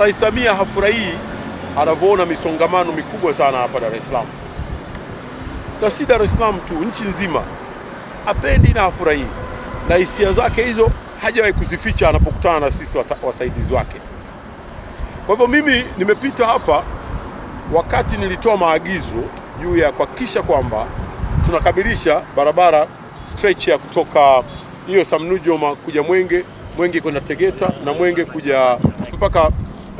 Rais Samia hafurahii anavyoona misongamano mikubwa sana hapa Dar es Salaam, na si Dar es Salaam tu, nchi nzima apendi na hafurahii, na hisia zake hizo hajawahi kuzificha anapokutana na sisi wasaidizi wake. Kwa hivyo mimi nimepita hapa wakati nilitoa maagizo juu ya kuhakikisha kwamba tunakamilisha barabara stretch ya kutoka hiyo Samnujoma kuja Mwenge, Mwenge kwenda Tegeta na Mwenge kuja mpaka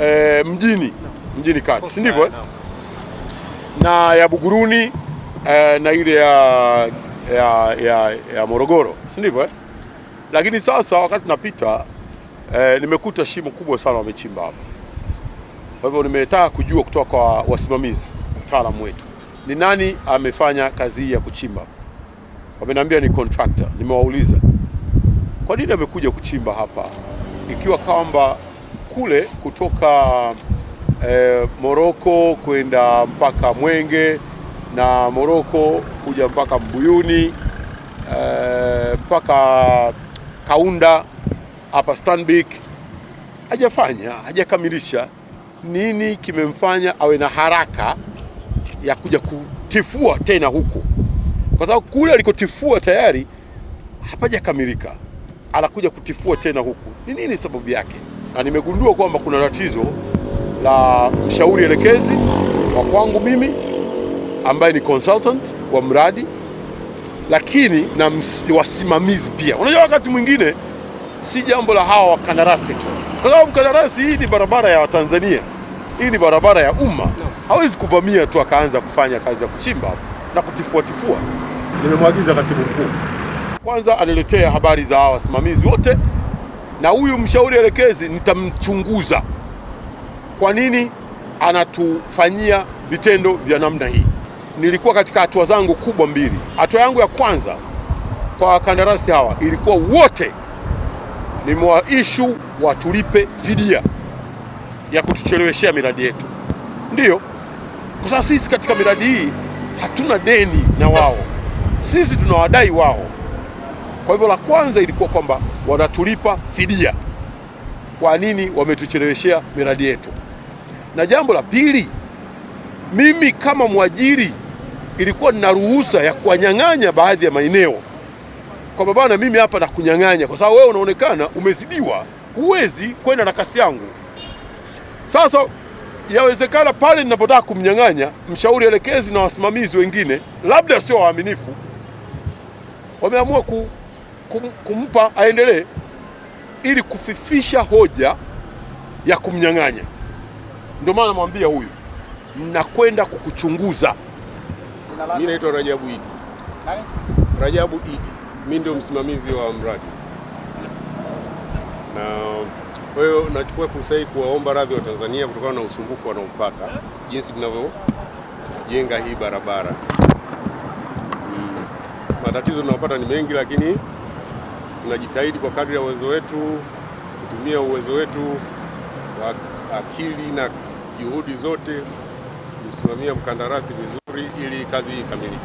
e, mjini mjini kati, si ndivyo? Eh? Na ya Buguruni e, na ile ya, ya, ya, ya Morogoro, si ndivyo? Lakini sasa wakati napita e, nimekuta shimo kubwa sana wamechimba hapa. Kwa hivyo nimetaka kujua kutoka kwa wasimamizi mtaalamu wetu ni nani amefanya kazi hii ya kuchimba. Wameniambia ni contractor. Nimewauliza kwa nini amekuja kuchimba hapa ikiwa kwamba kule kutoka e, eh, Moroko kwenda mpaka Mwenge na Moroko kuja mpaka Mbuyuni e, mpaka Kaunda hapa Stanbic hajafanya, hajakamilisha. Nini kimemfanya awe na haraka ya kuja kutifua tena huko? Kwa sababu kule alikotifua tayari hapajakamilika, anakuja kutifua tena huku. Ni nini sababu yake? na nimegundua kwamba kuna tatizo la mshauri elekezi wa kwangu mimi ambaye ni consultant wa mradi, lakini na wasimamizi pia. Unajua, wakati mwingine si jambo la hawa wakandarasi tu, kwa sababu mkandarasi, hii ni barabara ya Watanzania, hii ni barabara ya umma, hawezi kuvamia tu akaanza kufanya kazi ya kuchimba na kutifuatifua. Nimemwagiza katibu mkuu kwanza aniletee habari za hawa wasimamizi wote na huyu mshauri elekezi nitamchunguza kwa nini anatufanyia vitendo vya namna hii. Nilikuwa katika hatua zangu kubwa mbili. Hatua yangu ya kwanza kwa wakandarasi hawa ilikuwa wote nimewaishu watulipe fidia ya kutucheleweshea miradi yetu, ndiyo kwa sasa sisi katika miradi hii hatuna deni na wao, sisi tunawadai wao. Kwa hivyo la kwanza ilikuwa kwamba wanatulipa fidia, kwa nini wametucheleweshea miradi yetu. Na jambo la pili, mimi kama mwajiri ilikuwa nina ruhusa ya kuwanyang'anya baadhi ya maeneo kwamba bana, mimi hapa nakunyang'anya kwa sababu wewe unaonekana umezidiwa, huwezi kwenda na kasi yangu. Sasa yawezekana pale ninapotaka kumnyang'anya mshauri elekezi na wasimamizi wengine, labda sio waaminifu, wameamua ku kum, kumpa aendelee ili kufifisha hoja ya kumnyang'anya. Ndio maana namwambia huyu, mnakwenda kukuchunguza. Mimi naitwa Rajabu Idi. Nani? Rajabu Idi. Mimi ndio msimamizi wa mradi, na kwa hiyo nachukua fursa hii kuwaomba radhi wa Tanzania kutokana na usumbufu wanaopata jinsi tunavyojenga hii barabara. Mm, matatizo tunayopata ni mengi, lakini tunajitahidi kwa kadri ya uwezo wetu kutumia uwezo wetu wa akili na juhudi zote kusimamia mkandarasi vizuri ili kazi hii ikamilike.